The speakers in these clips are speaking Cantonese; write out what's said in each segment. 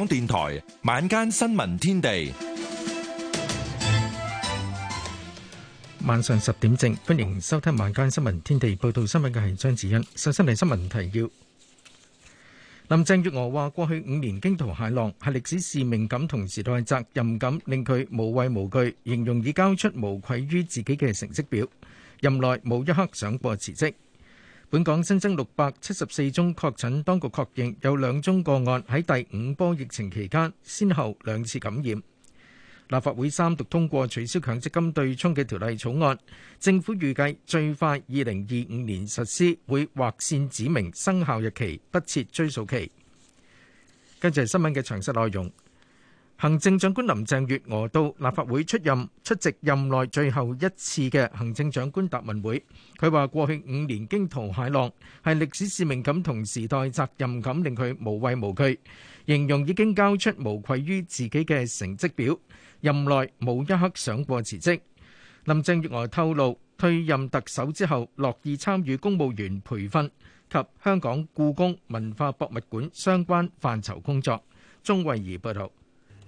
香港電台晚間新聞天地，晚上十點正，歡迎收聽晚間新聞天地。報道新聞嘅係張子欣，首先嚟新聞提要。林鄭月娥話：過去五年驚濤駭浪，係歷史使命感同時代責任感令佢無畏無懼，形容已交出無愧於自己嘅成績表。任內冇一刻想過辭職。本港新增六百七十四宗確診，當局確認有兩宗個案喺第五波疫情期間先後兩次感染。立法會三讀通過取消強積金對沖嘅條例草案，政府預計最快二零二五年實施，會劃線指明生效日期，不設追溯期。跟住係新聞嘅詳細內容。行政長官林鄭月娥到立法會出任出席任內最後一次嘅行政長官答問會。佢話：過去五年驚濤駭浪，係歷史使命感同時代責任感令佢無畏無懼，形容已經交出無愧於自己嘅成績表。任內冇一刻想過辭職。林鄭月娥透露，退任特首之後，樂意參與公務員培訓及香港故宮文化博物館相關範疇工作。鐘慧儀報導。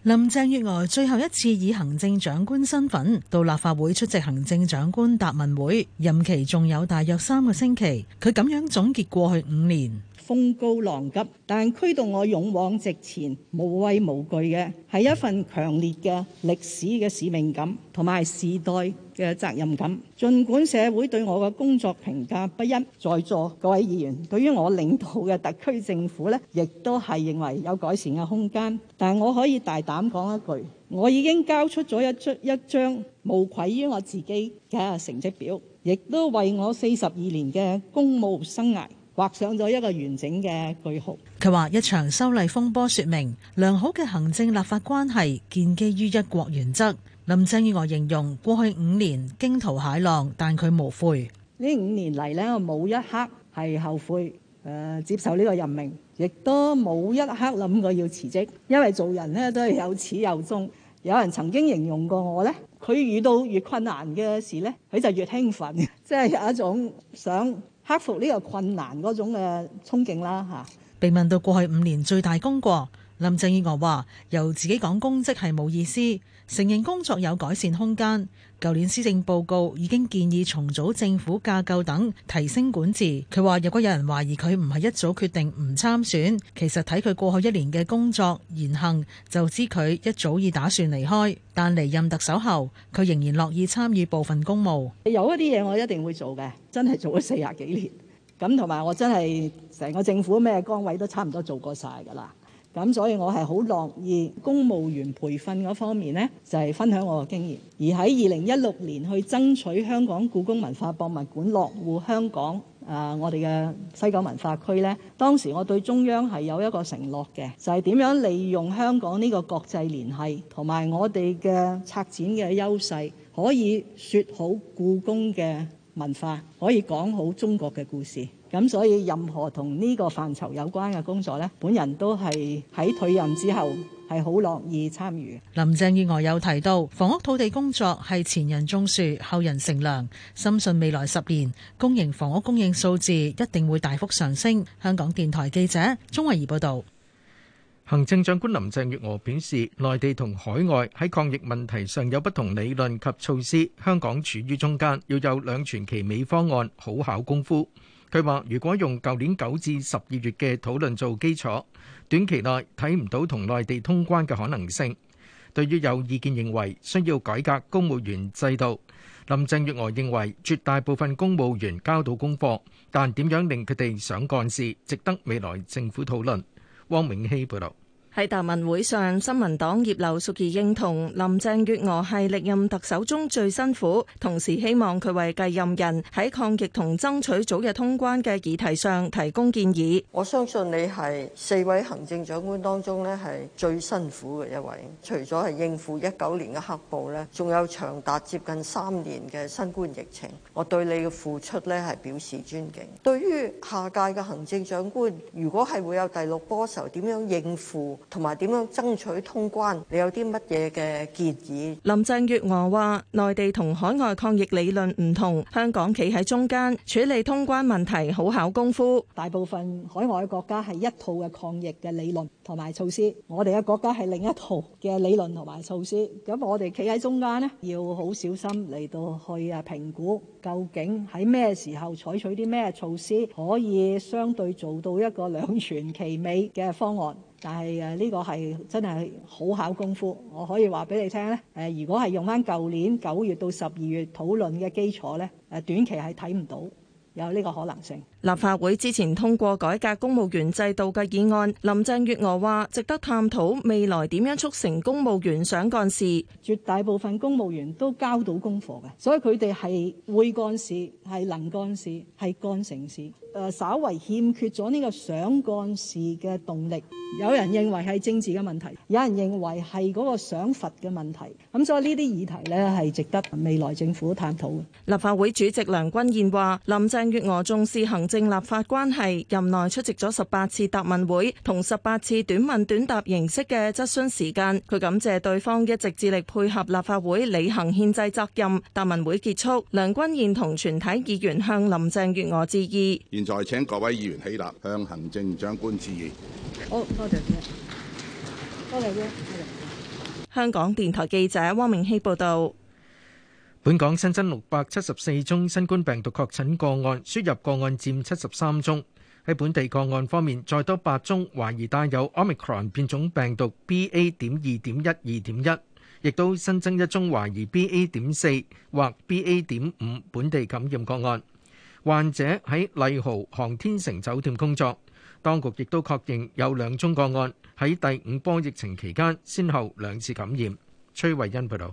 林鄭月娥最後一次以行政長官身份到立法會出席行政長官答問會，任期仲有大約三個星期。佢咁樣總結過去五年。風高浪急，但驅動我勇往直前、無畏無懼嘅係一份強烈嘅歷史嘅使命感，同埋時代嘅責任感。儘管社會對我嘅工作評價不一，在座各位議員對於我領導嘅特區政府呢，亦都係認為有改善嘅空間。但我可以大膽講一句，我已經交出咗一張一張無愧於我自己嘅成績表，亦都為我四十二年嘅公務生涯。畫上咗一個完整嘅句號。佢話，一場修例風波說明良好嘅行政立法關係建基於一國原則。林鄭月娥形容過去五年驚濤駭浪，但佢無悔。呢五年嚟呢我冇一刻係後悔，誒、呃，接受呢個任命，亦都冇一刻諗過要辭職，因為做人呢都係有始有終。有人曾經形容過我呢，佢遇到越困難嘅事呢，佢就越興奮，即係有一種想。克服呢個困難嗰種嘅憧憬啦，嚇。被問到過去五年最大功過。林鄭月娥話：由自己講公職係冇意思，承認工作有改善空間。舊年施政報告已經建議重組政府架構等提升管治。佢話：如果有人懷疑佢唔係一早決定唔參選，其實睇佢過去一年嘅工作言行就知佢一早已打算離開。但離任特首後，佢仍然樂意參與部分公務。有一啲嘢我一定會做嘅，真係做咗四十幾年咁，同埋我真係成個政府咩崗位都差唔多做過晒㗎啦。咁所以，我係好樂意公務員培訓嗰方面呢，就係分享我嘅經驗。而喺二零一六年去爭取香港故宮文化博物館落戶香港，呃、我哋嘅西九文化區呢，當時我對中央係有一個承諾嘅，就係點樣利用香港呢個國際聯繫同埋我哋嘅策展嘅優勢，可以説好故宮嘅。文化可以講好中國嘅故事，咁所以任何同呢個範疇有關嘅工作咧，本人都係喺退任之後，係好樂意參與。林鄭月娥有提到，房屋土地工作係前人種樹，後人乘涼，深信未來十年公營房屋供應數字一定會大幅上升。香港電台記者鍾慧儀報道。行政長官林鄭月娥表示，內地同海外喺抗疫問題上有不同理論及措施，香港處於中間，要有兩全其美方案，好考功夫。佢話：如果用舊年九至十二月嘅討論做基礎，短期內睇唔到同內地通關嘅可能性。對於有意見認為需要改革公務員制度，林鄭月娥認為絕大部分公務員交到功課，但點樣令佢哋想幹事，值得未來政府討論。汪永熙報道。喺答問會上，新民黨葉劉淑儀認同林鄭月娥係歷任特首中最辛苦，同時希望佢為繼任人喺抗疫同爭取早日通關嘅議題上提供建議。我相信你係四位行政長官當中咧，係最辛苦嘅一位，除咗係應付一九年嘅黑暴咧，仲有長達接近三年嘅新冠疫情。我對你嘅付出咧，係表示尊敬。對於下屆嘅行政長官，如果係會有第六波嘅時候，點樣應付？同埋點樣爭取通關？你有啲乜嘢嘅建議？林鄭月娥話，內地同海外抗疫理論唔同，香港企喺中間處理通關問題，好考功夫。大部分海外國家係一套嘅抗疫嘅理論同埋措施，我哋嘅國家係另一套嘅理論同埋措施。咁我哋企喺中間呢，要好小心嚟到去啊評估，究竟喺咩時候採取啲咩措施，可以相對做到一個兩全其美嘅方案。但係誒呢個係真係好考功夫，我可以話俾你聽，呢誒如果係用返舊年九月到十二月討論嘅基礎，呢短期係睇唔到。有呢個可能性。立法會之前通過改革公務員制度嘅議案，林鄭月娥話：值得探討未來點樣促成公務員想幹事。絕大部分公務員都交到功課嘅，所以佢哋係會幹事、係能幹事、係幹成事。誒、呃，稍為欠缺咗呢個想幹事嘅動力。有人認為係政治嘅問題，有人認為係嗰個想罰嘅問題。咁所以呢啲議題呢係值得未來政府探討嘅。立法會主席梁君彥話：林鄭鄭月娥重視行政立法關係，任內出席咗十八次答問會同十八次短問短答形式嘅質詢時間。佢感謝對方一直致力配合立法會履行憲制責任。答問會結束，梁君彥同全體議員向林鄭月娥致意。現在請各位議員起立，向行政長官致意。好多謝，多謝。香港電台記者汪明希報道。本港新增六百七十四宗新冠病毒確診個案，輸入個案佔七十三宗。喺本地個案方面，再多八宗懷疑帶有 Omicron 變種病毒 BA 點二點一二點一，亦都新增一宗懷疑 BA 點四或 BA 點五本地感染個案。患者喺麗豪航天城酒店工作，當局亦都確認有兩宗個案喺第五波疫情期間先後兩次感染。崔慧欣報道。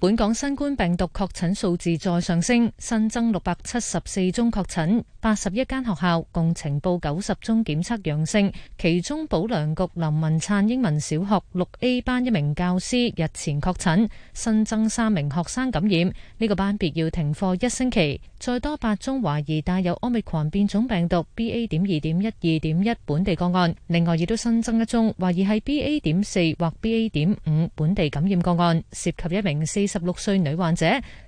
本港新冠病毒確診數字再上升，新增六百七十四宗確診，八十一間學校共呈報九十宗檢測陽性，其中保良局林文燦英文小學六 A 班一名教師日前確診，新增三名學生感染，呢個班別要停課一星期。再多八宗懷疑帶有奧密克戎變種病毒 BA. 點二點一二點一本地個案，另外亦都新增一宗懷疑係 BA. 點四或 BA. 點五本地感染個案，涉及一名四。十六歲女患者，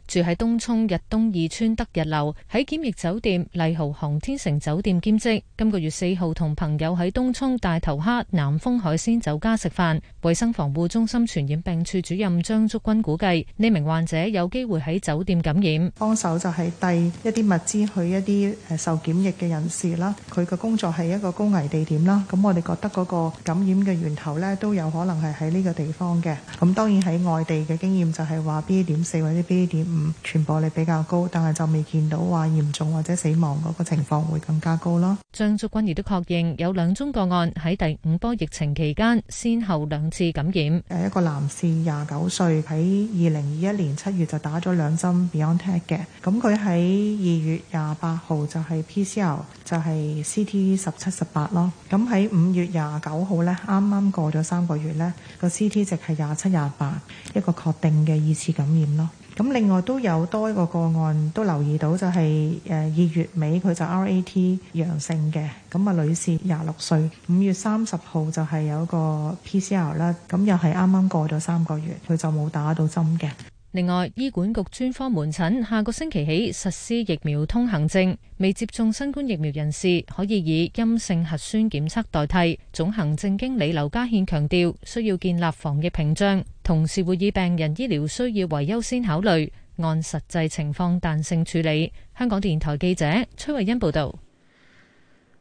住喺東涌日東二村德日樓，喺檢疫酒店麗豪航天城酒店兼職。今個月四號同朋友喺東涌大頭蝦南豐海鮮酒家食飯。衛生防護中心傳染病處主任張竹君估計，呢名患者有機會喺酒店感染。幫手就係遞一啲物資去一啲受檢疫嘅人士啦。佢嘅工作係一個高危地點啦。咁我哋覺得嗰個感染嘅源頭呢，都有可能係喺呢個地方嘅。咁當然喺外地嘅經驗就係話 B 點四或者 B 點。嗯，傳播率比較高，但係就未見到話嚴重或者死亡嗰個情況會更加高咯。張竹君亦都確認有兩宗個案喺第五波疫情期間，先後兩次感染。誒一個男士廿九歲，喺二零二一年七月就打咗兩針 Biontech 嘅，咁佢喺二月廿八號就係 PCR 就係 C T 十七十八咯。咁喺五月廿九號呢，啱啱過咗三個月呢，個 C T 值係廿七廿八，一個確定嘅二次感染咯。咁另外都有多一個個案都留意到，就係誒二月尾佢就 RAT 陽性嘅，咁啊女士廿六歲，五月三十號就係有個 PCR 啦，咁又係啱啱過咗三個月，佢就冇打到針嘅。另外，醫管局專科門診下個星期起實施疫苗通行證，未接種新冠疫苗人士可以以陰性核酸檢測代替。總行政經理劉家憲強調，需要建立防疫屏障。同時會以病人醫療需要為優先考慮，按實際情況彈性處理。香港電台記者崔慧欣報導。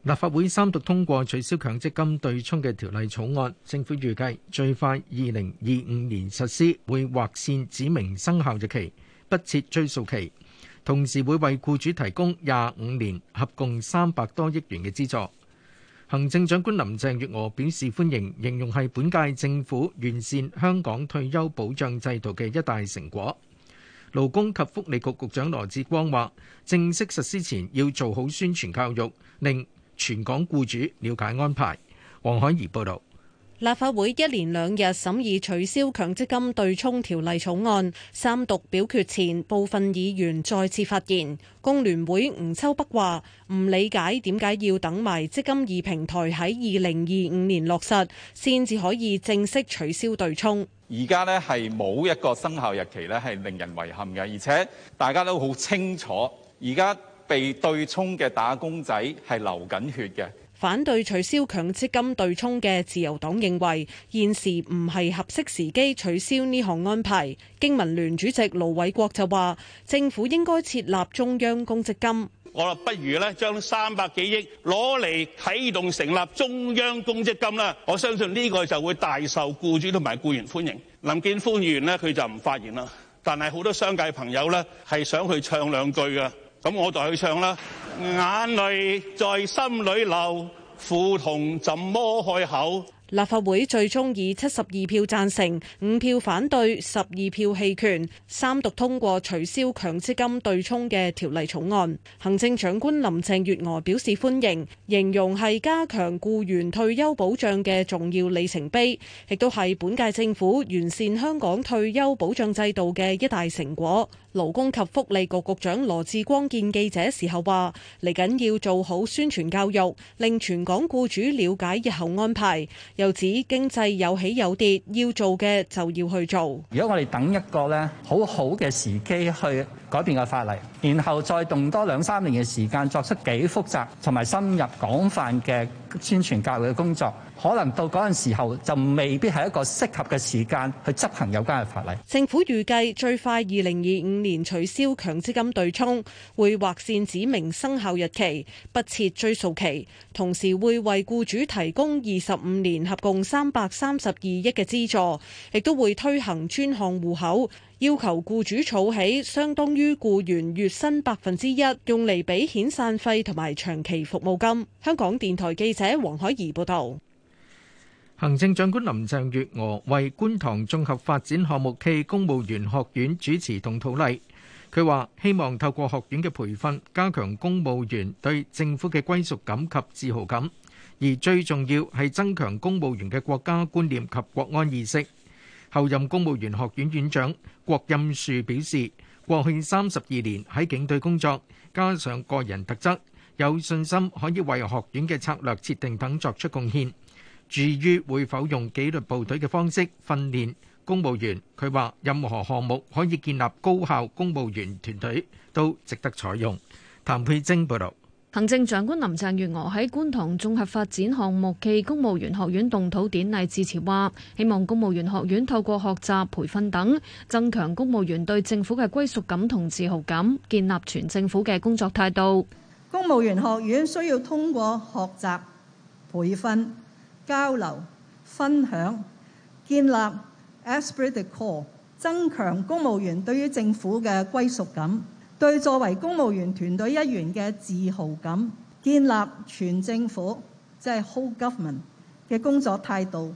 立法會三讀通過取消強積金對沖嘅條例草案，政府預計最快二零二五年實施，會劃線指明生效日期，不設追溯期。同時會為僱主提供廿五年合共三百多億元嘅資助。行政長官林鄭月娥表示歡迎,形容係本屆政府完善香港退休保障制度嘅一大成果。勞工及福利局局長羅致光話,正式實施前要做好宣傳教育,令全港雇主了解安排。王海怡報道。立法會一連兩日審議取消強積金對沖條例草案，三讀表決前，部分議員再次發言。工聯會吳秋北話：唔理解點解要等埋積金二平台喺二零二五年落實，先至可以正式取消對沖。而家呢係冇一個生效日期，呢係令人遺憾嘅。而且大家都好清楚，而家被對沖嘅打工仔係流緊血嘅。反對取消強積金對沖嘅自由黨認為，現時唔係合適時機取消呢項安排。經民聯主席盧偉國就話：政府應該設立中央公積金。我不如咧將三百幾億攞嚟啟動成立中央公積金啦！我相信呢個就會大受僱主同埋僱員歡迎。林健鋒議員呢，佢就唔發言啦，但係好多商界朋友呢，係想去唱兩句㗎。咁我代佢唱啦，眼淚在心裏流，苦痛怎麼開口？立法會最終以七十二票贊成、五票反對、十二票棄權，三讀通過取消強積金對沖嘅條例草案。行政長官林鄭月娥表示歡迎，形容係加強雇員退休保障嘅重要里程碑，亦都係本屆政府完善香港退休保障制度嘅一大成果。勞工及福利局局長羅致光見記者時候話：嚟緊要做好宣傳教育，令全港雇主了解日後安排。又指經濟有起有跌，要做嘅就要去做。如果我哋等一個咧好好嘅時機去改變個法例，然後再動多兩三年嘅時間，作出幾複雜同埋深入廣泛嘅宣傳教育嘅工作，可能到嗰陣時候就未必係一個適合嘅時間去執行有關嘅法例。政府預計最快二零二五年取消強積金對沖，會劃線指明生效日期，不設追溯期，同時會為僱主提供二十五年合共三百三十二億嘅資助，亦都會推行專項戶口。要求僱主儲起相當於僱員月薪百分之一，用嚟俾遣散費同埋長期服務金。香港電台記者黃海怡報道。行政長官林鄭月娥為觀塘綜合發展項目暨公務員學院主持動土禮，佢話希望透過學院嘅培訓，加強公務員對政府嘅歸屬感及自豪感，而最重要係增強公務員嘅國家觀念及國安意識。後任公務員學院院長郭任樹表示，過去三十二年喺警隊工作，加上個人特質，有信心可以為學院嘅策略設定等作出貢獻。至於會否用紀律部隊嘅方式訓練公務員，佢話任何項目可以建立高效公務員團隊都值得採用。譚佩晶報道。行政長官林鄭月娥喺觀塘綜合發展項目暨公務員學院動土典禮致辭話：希望公務員學院透過學習培訓等，增強公務員對政府嘅歸屬感同自豪感，建立全政府嘅工作態度。公務員學院需要通過學習培訓、交流分享，建立 esprit de corps，增強公務員對於政府嘅歸屬感。對作為公務員團隊一員嘅自豪感，建立全政府即係、就是、whole government 嘅工作態度，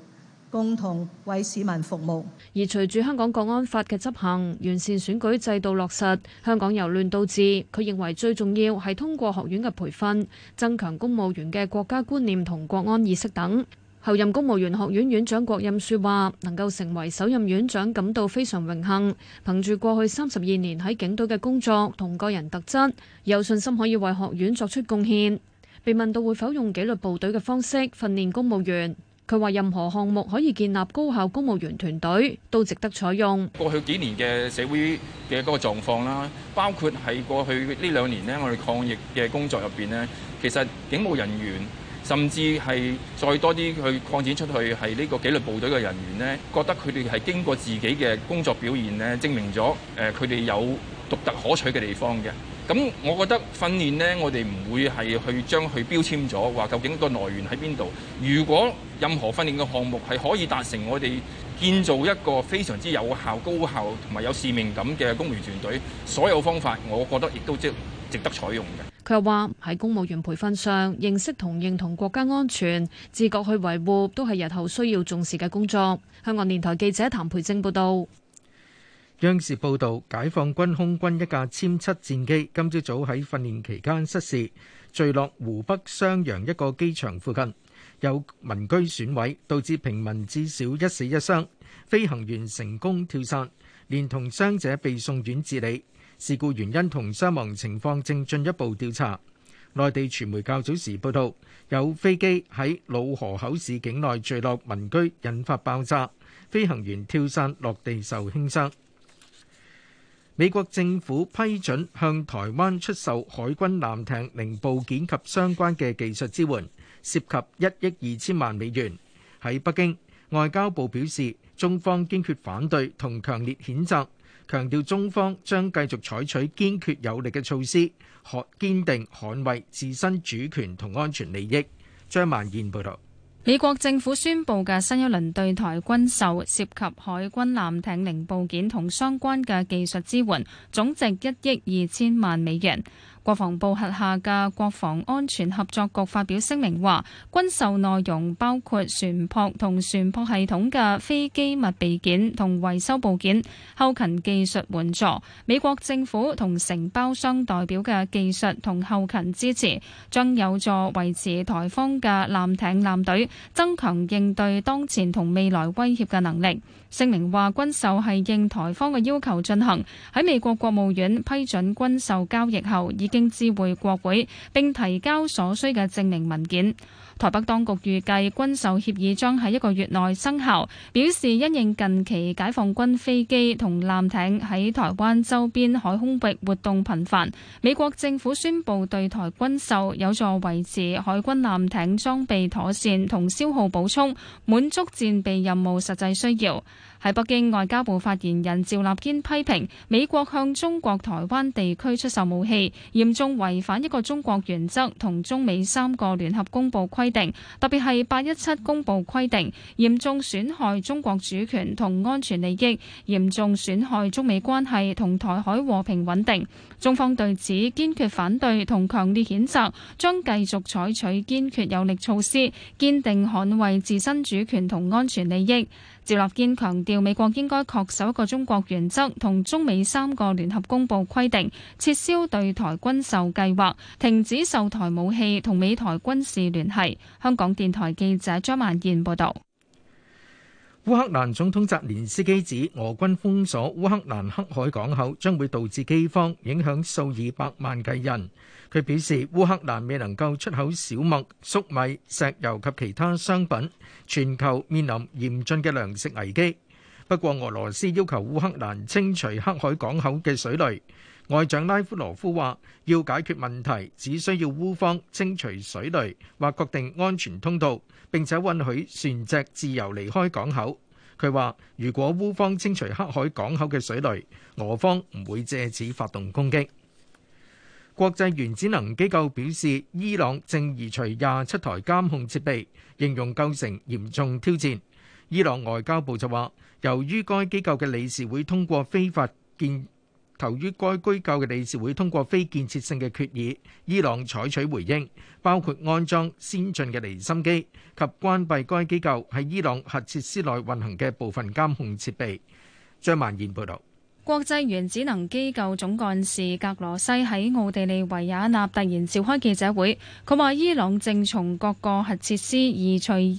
共同為市民服務。而隨住香港國安法嘅執行，完善選舉制度，落實香港由亂到治，佢認為最重要係通過學院嘅培訓，增強公務員嘅國家觀念同國安意識等。候任公務員學院院長郭任樹話能夠成為首任院長感到非常榮幸。憑住過去三十二年喺警隊嘅工作同個人特質,有信心可以為學院作出貢獻。被問到會否用紀律部隊嘅方式訓練公務員,佢話任何項目可以建立高效公務員團隊,都值得採用。過去幾年嘅社會嘅嗰個狀況啦,包括喺過去呢兩年咧,我哋抗疫嘅工作入邊咧,其實,警務人員甚至係再多啲去擴展出去，係呢個紀律部隊嘅人員呢，覺得佢哋係經過自己嘅工作表現呢，證明咗誒佢哋有獨特可取嘅地方嘅。咁我覺得訓練呢，我哋唔會係去將佢標籤咗，話究竟個來源喺邊度。如果任何訓練嘅項目係可以達成我哋建造一個非常之有效、高效同埋有使命感嘅公務團隊，所有方法我覺得亦都即值得採用嘅。佢又話：喺公務員培訓上，認識同認同國家安全，自覺去維護，都係日後需要重視嘅工作。香港電台記者譚培正報道。央視報導，解放軍空軍一架殲七戰機今朝早喺訓練期間失事墜落湖北襄陽一個機場附近，有民居損毀，導致平民至少一死一傷。飛行員成功跳傘，連同傷者被送院治理。事故原因同傷亡情況正進一步調查。內地傳媒較早時報道，有飛機喺老河口市境內墜落民居，引發爆炸，飛行員跳傘落地受輕傷。美國政府批准向台灣出售海軍艦艇零部件及相關嘅技術支援，涉及一億二千萬美元。喺北京，外交部表示，中方堅決反對同強烈譴責。強調中方將繼續採取堅決有力嘅措施，堅定捍衛自身主權同安全利益。張萬燕報道。美國政府宣布嘅新一輪對台軍售涉及海軍艦艇零部件同相關嘅技術支援，總值一億二千萬美元。國防部轄下嘅國防安全合作局發表聲明話，軍售內容包括船舶同船舶系統嘅非機密備件同維修部件、後勤技術援助。美國政府同承包商代表嘅技術同後勤支持，將有助維持台方嘅艦艇艦隊，增強應對當前同未來威脅嘅能力。聲明話軍售係應台方嘅要求進行，喺美國國務院批准軍售交易後，已經知會國會並提交所需嘅證明文件。台北當局預計軍售協議將喺一個月內生效，表示因應近期解放軍飛機同艦艇喺台灣周邊海空域活動頻繁，美國政府宣布對台軍售有助維持海軍艦艇裝備妥善同消耗補充，滿足戰備任務實際需要。喺北京外交部，發言人趙立堅批評美國向中國台灣地區出售武器，嚴重違反一個中國原則同中美三個聯合公報規定，特別係八一七公報規定，嚴重損害中國主權同安全利益，嚴重損害中美關係同台海和平穩定。中方對此堅決反對同強烈譴責，將繼續採取堅決有力措施，堅定捍衛自身主權同安全利益。趙立堅強調，美國應該恪守一個中國原則，同中美三個聯合公報規定，撤銷對台軍售計劃，停止售台武器，同美台軍事聯繫。香港電台記者張曼燕報道。烏克蘭總統澤連斯基指，俄軍封鎖烏克蘭黑海港口，將會導致饑荒，影響數以百萬計人。佢表示，烏克蘭未能夠出口小麥、粟米、石油及其他商品，全球面臨嚴峻嘅糧食危機。不過，俄羅斯要求烏克蘭清除黑海港口嘅水雷。外長拉夫羅夫話：要解決問題，只需要烏方清除水雷，或確定安全通道，並且允許船隻自由離開港口。佢話：如果烏方清除黑海港口嘅水雷，俄方唔會借此發動攻擊。國際原子能機構表示，伊朗正移除廿七台監控設備，形容構成嚴重挑戰。伊朗外交部就話，由於該機構嘅理事會通過非法建投於該機構嘅理事會通過非建設性嘅決議，伊朗採取回應，包括安裝先進嘅離心機及關閉該機構喺伊朗核設施內運行嘅部分監控設備。張曼燕報導。國際原子能機構總幹事格羅西喺奧地利維也納突然召開記者會，佢話伊朗正從各個核設施移除二十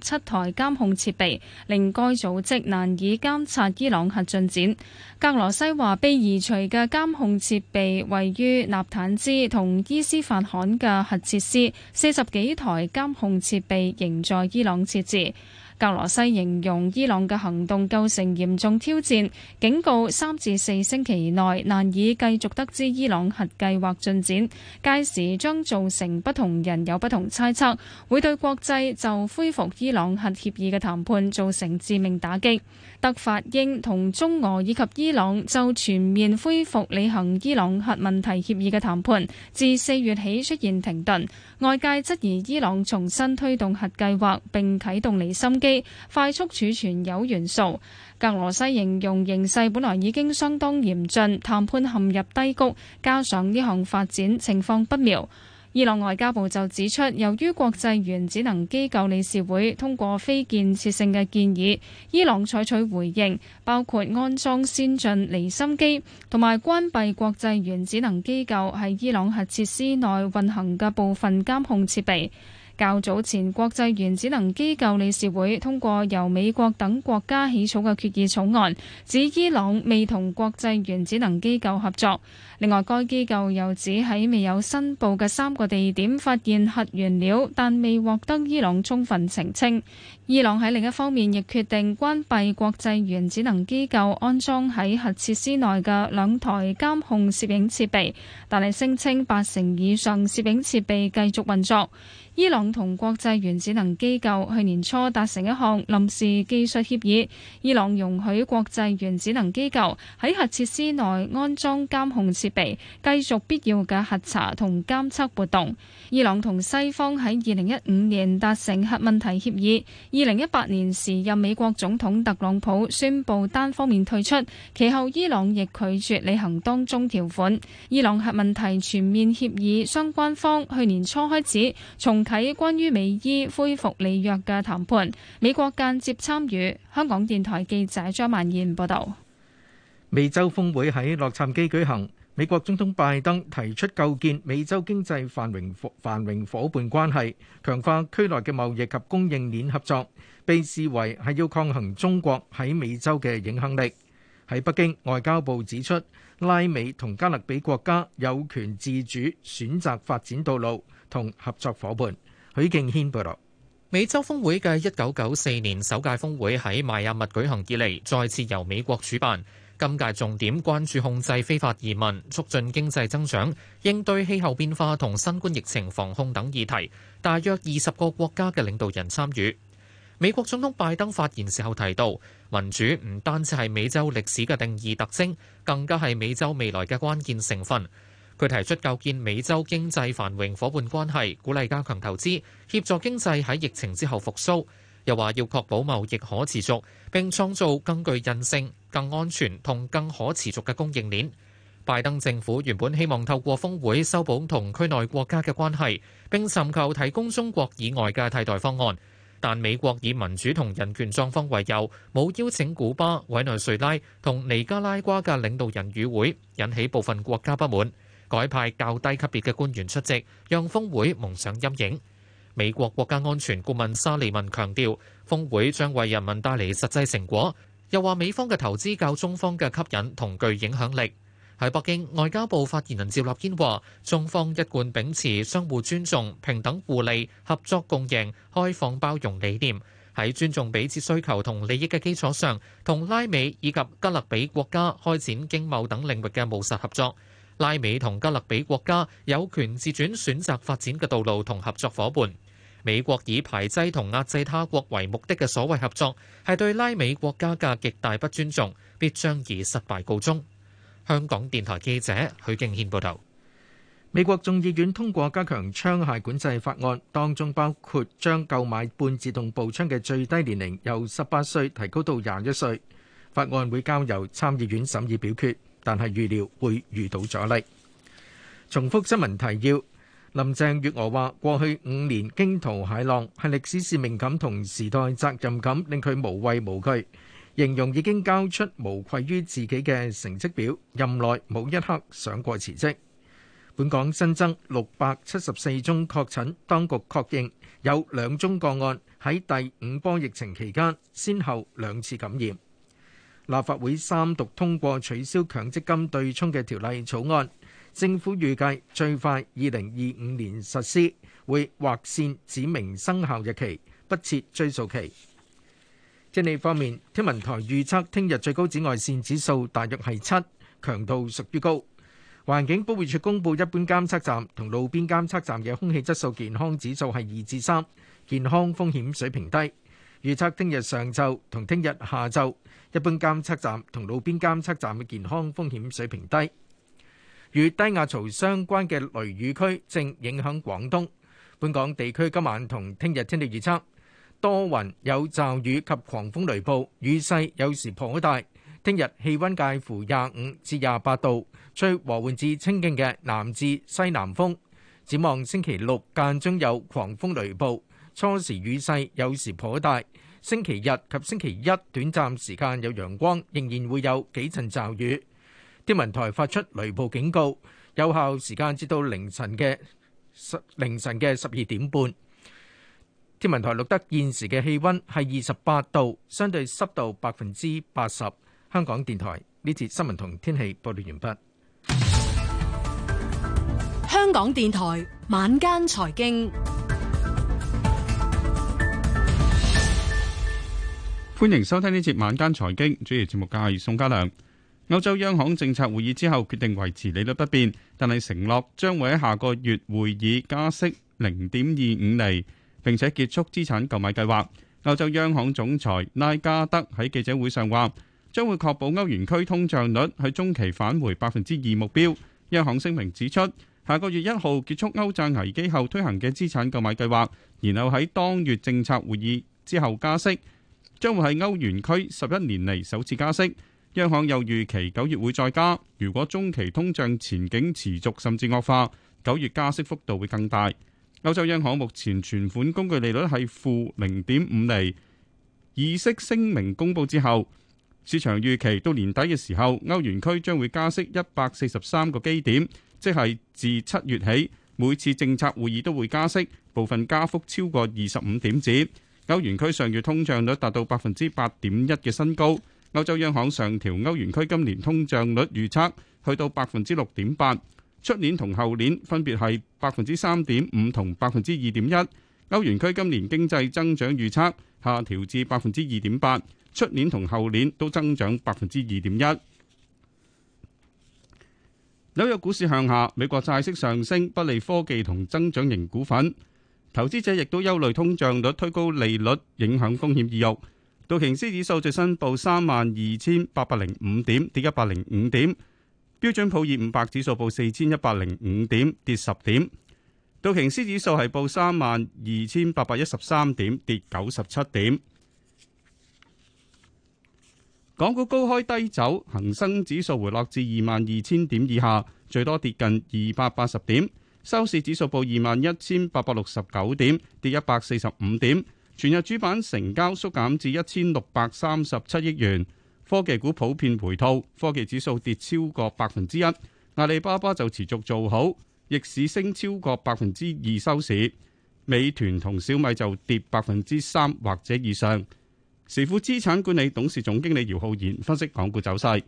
七台監控設備，令該組織難以監察伊朗核進展。格羅西話被移除嘅監控設備位於納坦茲同伊斯法罕嘅核設施，四十幾台監控設備仍在伊朗設置。格羅西形容伊朗嘅行動構成嚴重挑戰，警告三至四星期內難以繼續得知伊朗核計劃進展，屆時將造成不同人有不同猜測，會對國際就恢復伊朗核協議嘅談判造成致命打擊。德法英同中俄以及伊朗就全面恢復履行伊朗核問題協議嘅談判，自四月起出現停頓，外界質疑伊朗重新推動核計劃並啟動離心機快速儲存鈾元素。格羅西形容形勢本來已經相當嚴峻，談判陷入低谷，加上呢項發展情況不妙。伊朗外交部就指出，由於國際原子能機構理事會通過非建設性嘅建議，伊朗採取回應，包括安裝先進離心機，同埋關閉國際原子能機構喺伊朗核設施內運行嘅部分監控設備。較早前，國際原子能機構理事會通過由美國等國家起草嘅決議草案，指伊朗未同國際原子能機構合作。另外，該機構又指喺未有申報嘅三個地點發現核原料，但未獲得伊朗充分澄清。伊朗喺另一方面亦決定關閉國際原子能機構安裝喺核設施內嘅兩台監控攝影設備，但係聲稱八成以上攝影設備繼續運作。伊朗同國際原子能機構去年初達成一項臨時技術協議，伊朗容許國際原子能機構喺核設施內安裝監控設備繼續必要嘅核查同監測活動。伊朗同西方喺二零一五年達成核問題協議，二零一八年時任美國總統特朗普宣布單方面退出，其後伊朗亦拒絕履行當中條款。伊朗核問題全面協議相關方去年初開始重啟關於美伊恢復履約嘅談判，美國間接參與。香港電台記者張曼燕報道。美洲峰會喺洛杉磯舉行。美國總統拜登提出構建美洲經濟繁榮繁榮夥伴關係，強化區內嘅貿易及供應鏈合作，被視為係要抗衡中國喺美洲嘅影響力。喺北京，外交部指出，拉美同加勒比國家有權自主選擇發展道路同合作夥伴。許敬軒報道，美洲峰會嘅一九九四年首屆峰會喺邁阿密舉行以嚟，再次由美國主辦。今屆重點關注控制非法移民、促進經濟增長、應對氣候變化同新冠疫情防控等議題，大約二十個國家嘅領導人參與。美國總統拜登發言時候提到，民主唔單止係美洲歷史嘅定義特徵，更加係美洲未來嘅關鍵成分。佢提出構建美洲經濟繁榮夥伴關係，鼓勵加強投資，協助經濟喺疫情之後復甦。又話要確保貿易可持續，並創造更具韌性、更安全同更可持續嘅供應鏈。拜登政府原本希望透過峰會修補同區內國家嘅關係，並尋求提供中國以外嘅替代方案。但美國以民主同人權狀況為由，冇邀請古巴、委內瑞拉同尼加拉瓜嘅領導人與會，引起部分國家不滿，改派較低級別嘅官員出席，讓峰會蒙上陰影。美國國家安全顧問沙利文強調，峰會將為人民帶嚟實際成果。又話，美方嘅投資較中方嘅吸引同具影響力。喺北京，外交部發言人趙立堅話，中方一貫秉持相互尊重、平等互利、合作共贏、開放包容理念，喺尊重彼此需求同利益嘅基礎上，同拉美以及加勒比國家開展經貿等領域嘅務實合作。拉美同加勒比國家有權自轉選擇發展嘅道路同合作伙伴。美國以排擠同壓制他國為目的嘅所謂合作，係對拉美國家嘅極大不尊重，必將以失敗告終。香港電台記者許敬軒報導，美國眾議院通過加強槍械管制法案，當中包括將購買半自動步槍嘅最低年齡由十八歲提高到廿一歲。法案會交由參議院審議表決，但係預料會遇到阻力。重複新聞提要。林鄭月娥話：過去五年驚濤駭浪，係歷史使命感同時代責任感令佢無畏無懼，形容已經交出無愧於自己嘅成績表，任內冇一刻想過辭職。本港新增六百七十四宗確診，當局確認有兩宗個案喺第五波疫情期間，先後兩次感染。立法會三讀通過取消強積金對沖嘅條例草案。政府預計最快二零二五年實施，會劃線指明生效日期，不設追訴期。天氣方面，天文台預測聽日最高紫外線指數大約係七，強度屬於高。環境保護署公布一般監測站同路邊監測站嘅空氣質素健康指數係二至三，健康風險水平低。預測聽日上晝同聽日下晝，一般監測站同路邊監測站嘅健康風險水平低。與低壓槽相關嘅雷雨區正影響廣東。本港地區今晚同聽日天氣預測多雲，有驟雨及狂風雷暴，雨勢有時頗大。聽日氣温介乎廿五至廿八度，吹和緩至清勁嘅南至西南風。展望星期六間中有狂風雷暴，初時雨勢有時頗大。星期日及星期一短暫時間有陽光，仍然會有幾陣驟雨。天文台發出雷暴警告，有效時間至到凌晨嘅十凌晨嘅十二點半。天文台錄得現時嘅氣溫係二十八度，相對濕度百分之八十。香港電台呢節新聞同天氣報道完畢。香港電台晚間財經，歡迎收聽呢節晚間財經，主持節目嘅係宋家良。歐洲央行政策會議之後決定維持利率不變，但係承諾將會喺下個月會議加息零點二五釐，並且結束資產購買計劃。歐洲央行總裁拉加德喺記者會上話，將會確保歐元區通脹率喺中期返回百分之二目標。央行聲明指出，下個月一號結束歐債危機後推行嘅資產購買計劃，然後喺當月政策會議之後加息，將會喺歐元區十一年嚟首次加息。央行又預期九月會再加，如果中期通脹前景持續甚至惡化，九月加息幅度會更大。歐洲央行目前存款工具利率係負零點五厘。議息聲明公布之後，市場預期到年底嘅時候，歐元區將會加息一百四十三個基點，即係自七月起每次政策會議都會加息，部分加幅超過二十五點子。歐元區上月通脹率達到百分之八點一嘅新高。歐洲央行上調歐元區今年通脹率預測，去到百分之六點八，出年同後年分別係百分之三點五同百分之二點一。歐元區今年經濟增長預測下調至百分之二點八，出年同後年都增長百分之二點一。紐約股市向下，美國債息上升，不利科技同增長型股份，投資者亦都憂慮通脹率推高利率，影響風險意欲。道瓊斯指數最新報三萬二千八百零五點，跌一百零五點。標準普爾五百指數報四千一百零五點，跌十點。道瓊斯指數係報三萬二千八百一十三點，跌九十七點。港股高開低走，恆生指數回落至二萬二千點以下，最多跌近二百八十點。收市指數報二萬一千八百六十九點，跌一百四十五點。全日主板成交縮減至一千六百三十七億元，科技股普遍回吐，科技指數跌超過百分之一。阿里巴巴就持續做好，逆市升超過百分之二收市。美團同小米就跌百分之三或者以上。時富資產管理董事總經理姚浩然分析港股走勢。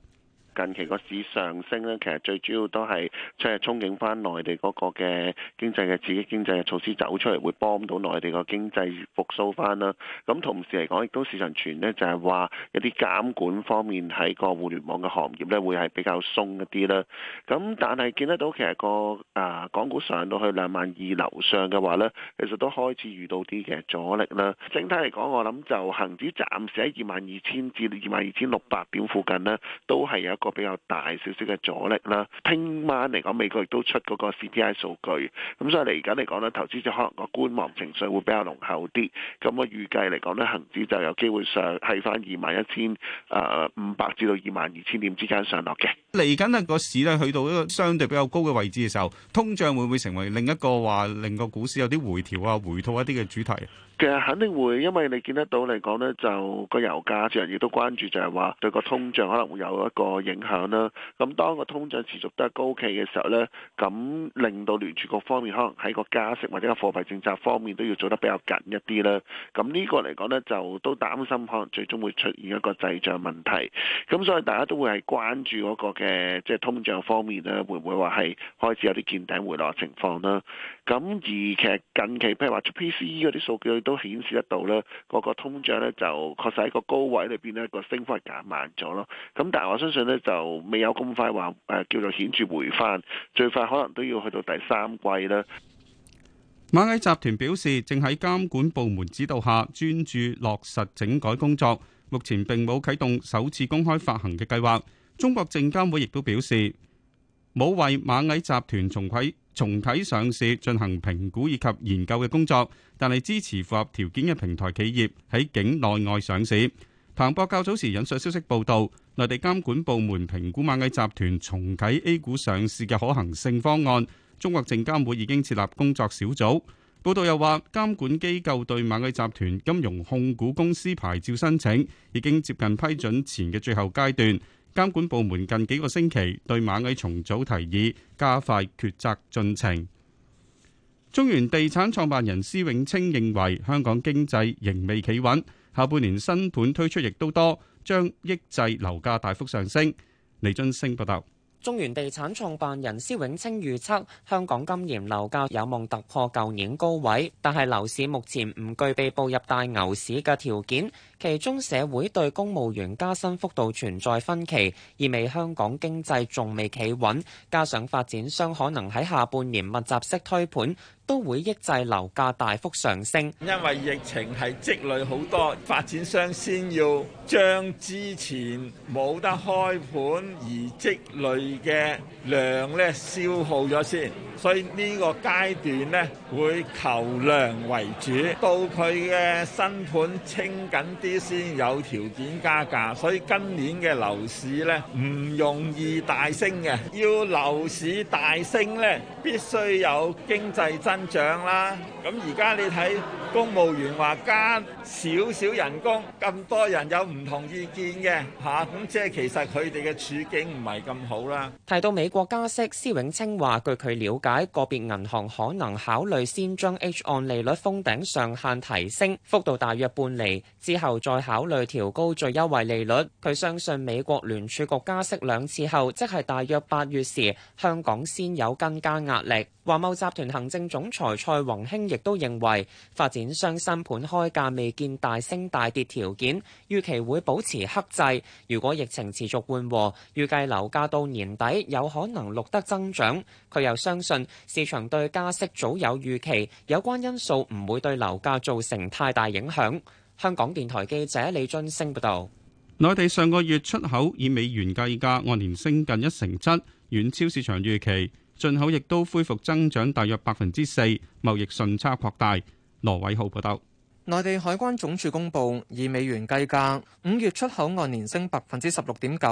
近期個市上升咧，其實最主要都係即係憧憬翻內地嗰個嘅經濟嘅刺激經濟嘅措施走出嚟，會幫到內地個經濟復甦翻啦。咁同時嚟講，亦都市場傳咧就係話一啲監管方面喺個互聯網嘅行業咧，會係比較鬆一啲啦。咁但係見得到其實個啊港股上到去兩萬二樓上嘅話咧，其實都開始遇到啲嘅阻力啦。整體嚟講，我諗就恆指暫時喺二萬二千至二萬二千六百點附近呢，都係有個比較大少少嘅阻力啦，聽晚嚟講，美國亦都出嗰個 CPI 數據，咁所以嚟緊嚟講咧，投資者可能個觀望情緒會比較濃厚啲，咁我預計嚟講咧，恒指就有機會上係翻二萬一千誒五百至到二萬二千點之間上落嘅。嚟緊呢個市咧去到一個相對比較高嘅位置嘅時候，通脹會唔會成為另一個話令個股市有啲回調啊、回吐一啲嘅主題？其實肯定會，因為你見得到嚟講咧，就個油價，最近亦都關注，就係話對個通脹可能會有一個影響啦。咁當個通脹持續得高企嘅時候咧，咁令到聯儲局方面可能喺個加息或者個貨幣政策方面都要做得比較緊一啲啦。咁呢個嚟講咧，就都擔心可能最終會出現一個滯脹問題，咁所以大家都會係關注嗰個嘅即係通脹方面呢會唔會話係開始有啲見頂回落情況啦？咁而其實近期，譬如話出 PCE 嗰啲數據都顯示得到呢，個個通脹呢就確實喺個高位裏邊呢，個升幅係減慢咗咯。咁但係我相信呢就未有咁快話誒叫做顯著回翻，最快可能都要去到第三季啦。螞蟻集團表示，正喺監管部門指導下，專注落實整改工作，目前並冇啟動首次公開發行嘅計劃。中國證監會亦都表示。冇為螞蟻集團重啟重啟上市進行評估以及研究嘅工作，但係支持符合條件嘅平台企業喺境內外上市。彭博較早時引述消息報道，內地監管部門評估螞蟻集團重啟 A 股上市嘅可行性方案，中國證監會已經設立工作小組。報道又話，監管機構對螞蟻集團金融控股公司牌照申請已經接近批准前嘅最後階段。監管部門近幾個星期對螞蟻重組提議加快決策進程。中原地產創辦人施永青認為，香港經濟仍未企穩，下半年新盤推出亦都多，將抑制樓價大幅上升。李俊升報道。中原地產創辦人施永青預測，香港今年樓價有望突破舊年高位，但係樓市目前唔具備步入大牛市嘅條件。其中社會對公務員加薪幅度存在分歧，意味香港經濟仲未企穩。加上發展商可能喺下半年密集式推盤。都會抑制樓價大幅上升，因為疫情係積累好多發展商，先要將之前冇得開盤而積累嘅量咧消耗咗先。所以呢個階段咧會求量為主，到佢嘅新盤清緊啲先有條件加價。所以今年嘅樓市咧唔容易大升嘅，要樓市大升咧必須有經濟增。印象啦，咁而家你睇公務員話加少少人工，咁多人有唔同意見嘅嚇，咁即係其實佢哋嘅處境唔係咁好啦。提到美國加息，施永青話：據佢瞭解，個別銀行可能考慮先將 H 按利率封頂上限提升，幅度大約半釐，之後再考慮調高最優惠利率。佢相信美國聯儲局加息兩次後，即係大約八月時，香港先有更加壓力。華懋集團行政總裁蔡宏興亦都認為，發展商新盤開價未見大升大跌條件，預期會保持克制。如果疫情持續緩和，預計樓價到年底有可能錄得增長。佢又相信市場對加息早有預期，有關因素唔會對樓價造成太大影響。香港電台記者李津升報道，內地上個月出口以美元計價，按年升近一成七，遠超市場預期。進口亦都恢復增長，大約百分之四，貿易順差擴大。羅偉浩報道，內地海關總署公布，以美元計價，五月出口按年升百分之十六點九，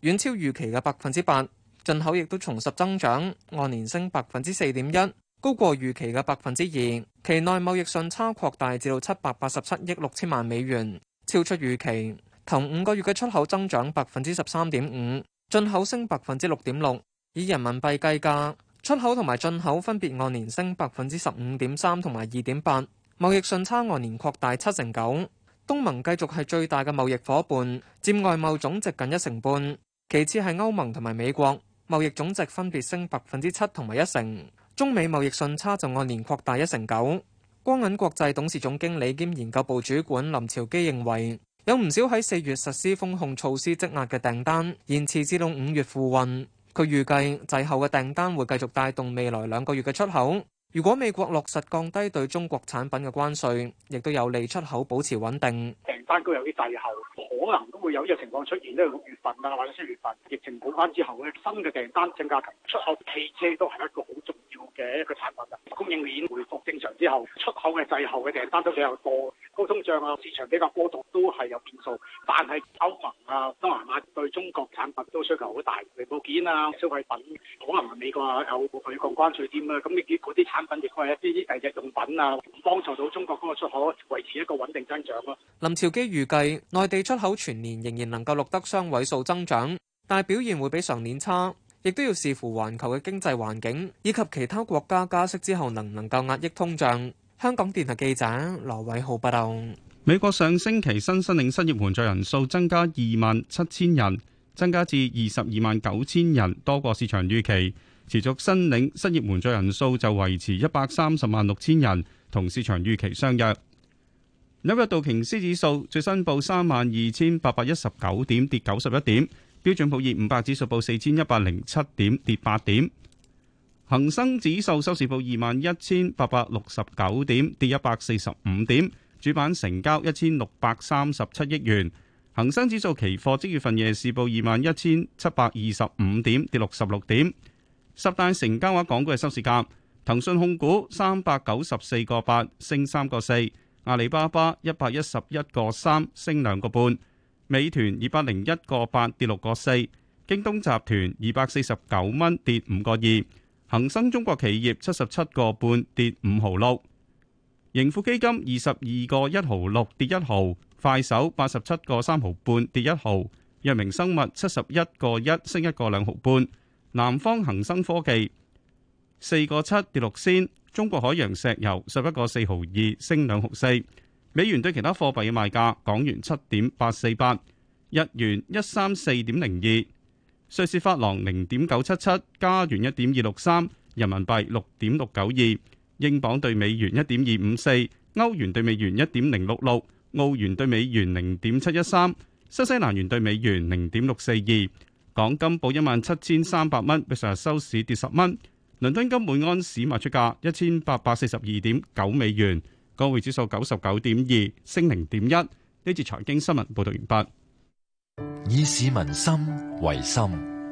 遠超預期嘅百分之八；進口亦都重拾增長，按年升百分之四點一，高過預期嘅百分之二。期內貿易順差擴大至到七百八十七億六千萬美元，超出預期。頭五個月嘅出口增長百分之十三點五，進口升百分之六點六。以人民幣計價，出口同埋進口分別按年升百分之十五點三同埋二點八，貿易順差按年擴大七成九。東盟繼續係最大嘅貿易伙伴，佔外貿總值近一成半，其次係歐盟同埋美國，貿易總值分別升百分之七同埋一成。中美貿易順差就按年擴大一成九。光銀國際董事總經理兼研究部主管林朝基認為，有唔少喺四月實施封控措施積壓嘅訂單，延遲至到五月付運。佢預計滯後嘅訂單會繼續帶動未來兩個月嘅出口。如果美國落實降低對中國產品嘅關稅，亦都有利出口保持穩定。訂單都有啲滯後，可能都會有呢個情況出現咧。六月份啊或者七月份，疫情好翻之後咧，新嘅訂單增加，同出口汽車都係一個好重要。嘅一個產品啊，供應鏈回復正常之後，出口嘅滯後嘅訂單都比較多。高通脹啊，市場比較波動都係有變數，但係歐盟啊、東南亞對中國產品都需求好大，零部件啊、消費品，可能美國有佢個關稅添啊。咁你嗰啲產品亦都係一啲誒日用品啊，幫助到中國嗰個出口維持一個穩定增長咯。林朝基預計，內地出口全年仍然能夠錄得雙位數增長，但係表現會比上年差。亦都要視乎環球嘅經濟環境，以及其他國家加息之後能唔能夠壓抑通脹。香港電台記者羅偉浩報道：美國上星期新申領失業援助人數增加二萬七千人，增加至二十二萬九千人，多過市場預期。持續申領失業援助人數就維持一百三十萬六千人，同市場預期相約。紐約道瓊斯指數最新報三萬二千八百一十九點，跌九十一點。標準普爾五百指數報四千一百零七點，跌八點。恒生指數收市報二萬一千八百六十九點，跌一百四十五點。主板成交一千六百三十七億元。恒生指數期貨即月份夜市報二萬一千七百二十五點，跌六十六點。十大成交額港股嘅收市價：騰訊控股三百九十四個八升三個四，阿里巴巴一百一十一個三升兩個半。美團二百零一個八跌六個四，京東集團二百四十九蚊跌五個二，恒生中國企業七十七個半跌五毫六，盈富基金二十二個一毫六跌一毫，快手八十七個三毫半跌一毫，藥明生物七十一個一升一個兩毫半，南方恒生科技四個七跌六仙，中國海洋石油十一個四毫二升兩毫四。美元兌其他貨幣嘅賣價：港元七點八四八，日元一三四點零二，瑞士法郎零點九七七，加元一點二六三，人民幣六點六九二，英鎊兌美元一點二五四，歐元兌美元一點零六六，澳元兌美元零點七一三，新西蘭元兌美元零點六四二。港金報一萬七千三百蚊，比上日收市跌十蚊。倫敦金每安士賣出價一千八百四十二點九美元。港匯指數九十九點二，升零點一，呢次財經新聞報道完畢。以市民心為心，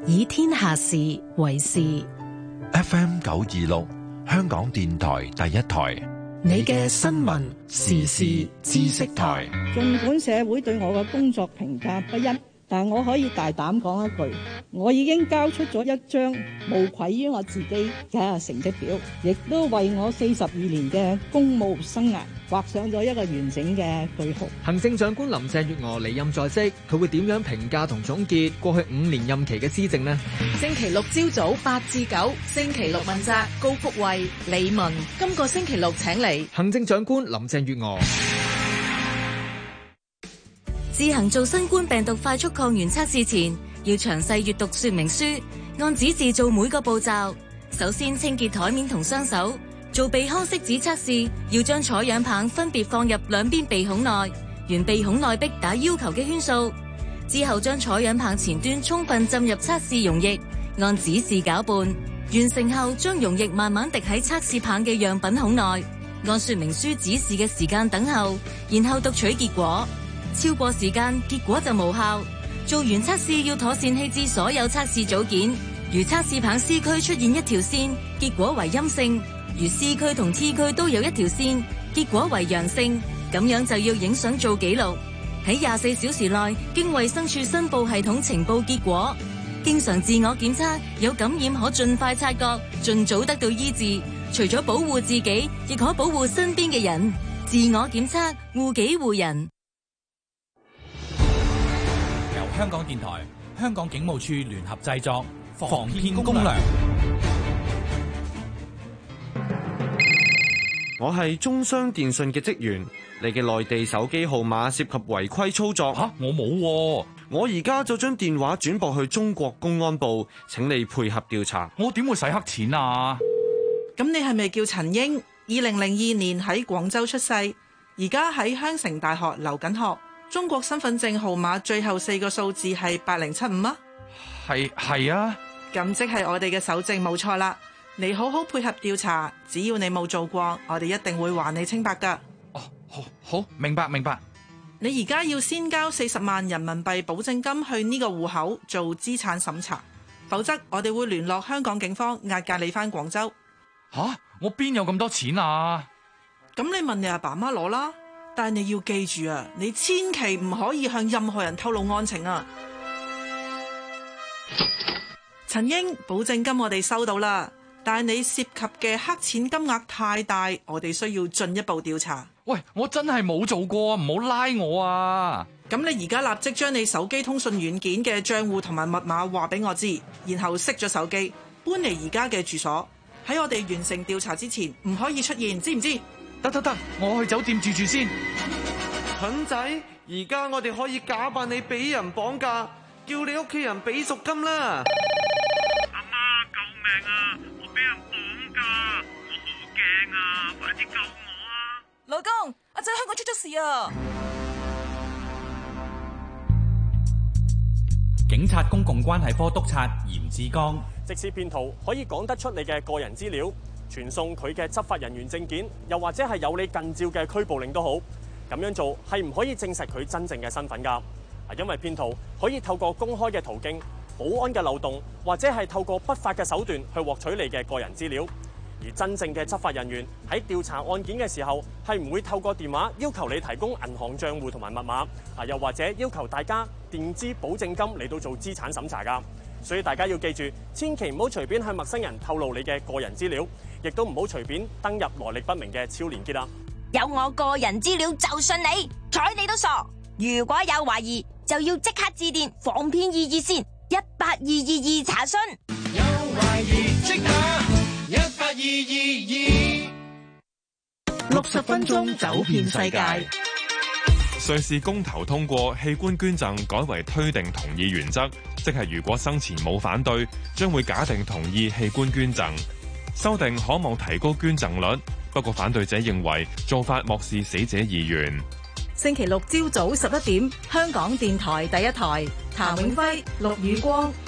以天下事為事。FM 九二六，香港電台第一台，你嘅新聞時事知識台。儘管社會對我嘅工作評價不一。但係我可以大膽講一句，我已經交出咗一張無愧於我自己睇下成績表，亦都為我四十二年嘅公務生涯畫上咗一個完整嘅句號。行政長官林鄭月娥離任在即，佢會點樣評價同總結過去五年任期嘅施政呢？星期六朝早八至九，星期六問責高福慧、李文，今個星期六請嚟行政長官林鄭月娥。自行做新冠病毒快速抗原測試前，要詳細閱讀說明書，按指示做每個步驟。首先清潔台面同雙手。做鼻腔拭子測試，要將採樣棒分別放入兩邊鼻孔內，沿鼻孔內壁打要求嘅圈數。之後將採樣棒前端充分浸入測試溶液，按指示攪拌。完成後將溶液慢慢滴喺測試棒嘅樣品孔內，按說明書指示嘅時間等候，然後讀取結果。超過時間，結果就無效。做完測試要妥善棄置所有測試組件。如測試棒 C 區出現一條線，結果為陰性；如 C 區同 T 區都有一條線，結果為陽性。咁樣就要影相做記錄，喺廿四小時內經衛生署申報系統呈報結果。經常自我檢測，有感染可盡快察覺，盡早得到醫治。除咗保護自己，亦可保護身邊嘅人。自我檢測，護己護人。香港電台、香港警務處聯合製作《防騙攻略》。我係中商電信嘅職員，你嘅內地手機號碼涉及違規操作。吓、啊，我冇、啊。我而家就將電話轉駁去中國公安部，請你配合調查。我點會洗黑錢啊？咁你係咪叫陳英？二零零二年喺廣州出世，而家喺香城大學留緊學。中國身份證號碼最後四個數字係八零七五嗎？係係啊，咁即係我哋嘅手證冇錯啦。你好好配合調查，只要你冇做過，我哋一定會還你清白噶。哦，好，好明白，明白。你而家要先交四十萬人民幣保證金去呢個戶口做資產審查，否則我哋會聯絡香港警方押解你翻廣州。吓、啊，我邊有咁多錢啊？咁你問你阿爸媽攞啦。但你要記住啊，你千祈唔可以向任何人透露案情啊！陳英，保證金我哋收到啦，但係你涉及嘅黑錢金額太大，我哋需要進一步調查。喂，我真係冇做過啊，唔好拉我啊！咁你而家立即將你手機通訊軟件嘅賬戶同埋密碼話俾我知，然後熄咗手機，搬嚟而家嘅住所。喺我哋完成調查之前，唔可以出現，知唔知？得得得，我去酒店住住先。蠢仔，而家我哋可以假扮你俾人綁架，叫你屋企人俾贖金啦。阿媽，救命啊！我俾人綁架，我好驚啊！快啲救我啊！老公，阿仔喺香港出咗事啊！警察公共關係科督察嚴志剛，即使騙徒可以講得出你嘅個人資料。傳送佢嘅執法人員證件，又或者係有你近照嘅拘捕令都好，咁樣做係唔可以證實佢真正嘅身份㗎。啊，因為騙徒可以透過公開嘅途徑、保安嘅漏洞，或者係透過不法嘅手段去獲取你嘅個人資料。而真正嘅執法人員喺調查案件嘅時候，係唔會透過電話要求你提供銀行賬戶同埋密碼，啊，又或者要求大家墊資保證金嚟到做資產審查㗎。所以大家要記住，千祈唔好隨便向陌生人透露你嘅個人資料，亦都唔好隨便登入來歷不明嘅超連結啦。有我個人資料就信你，睬你都傻！如果有懷疑，就要即刻致電防騙易熱線一八二二二查詢。有懷疑即打一八二二二。六十分鐘走遍世界。瑞士公投通過器官捐贈改為推定同意原則。即係如果生前冇反對，將會假定同意器官捐贈。修訂可望提高捐贈率，不過反對者認為做法漠視死者意願。星期六朝早十一點，香港電台第一台，譚永輝、陸宇光。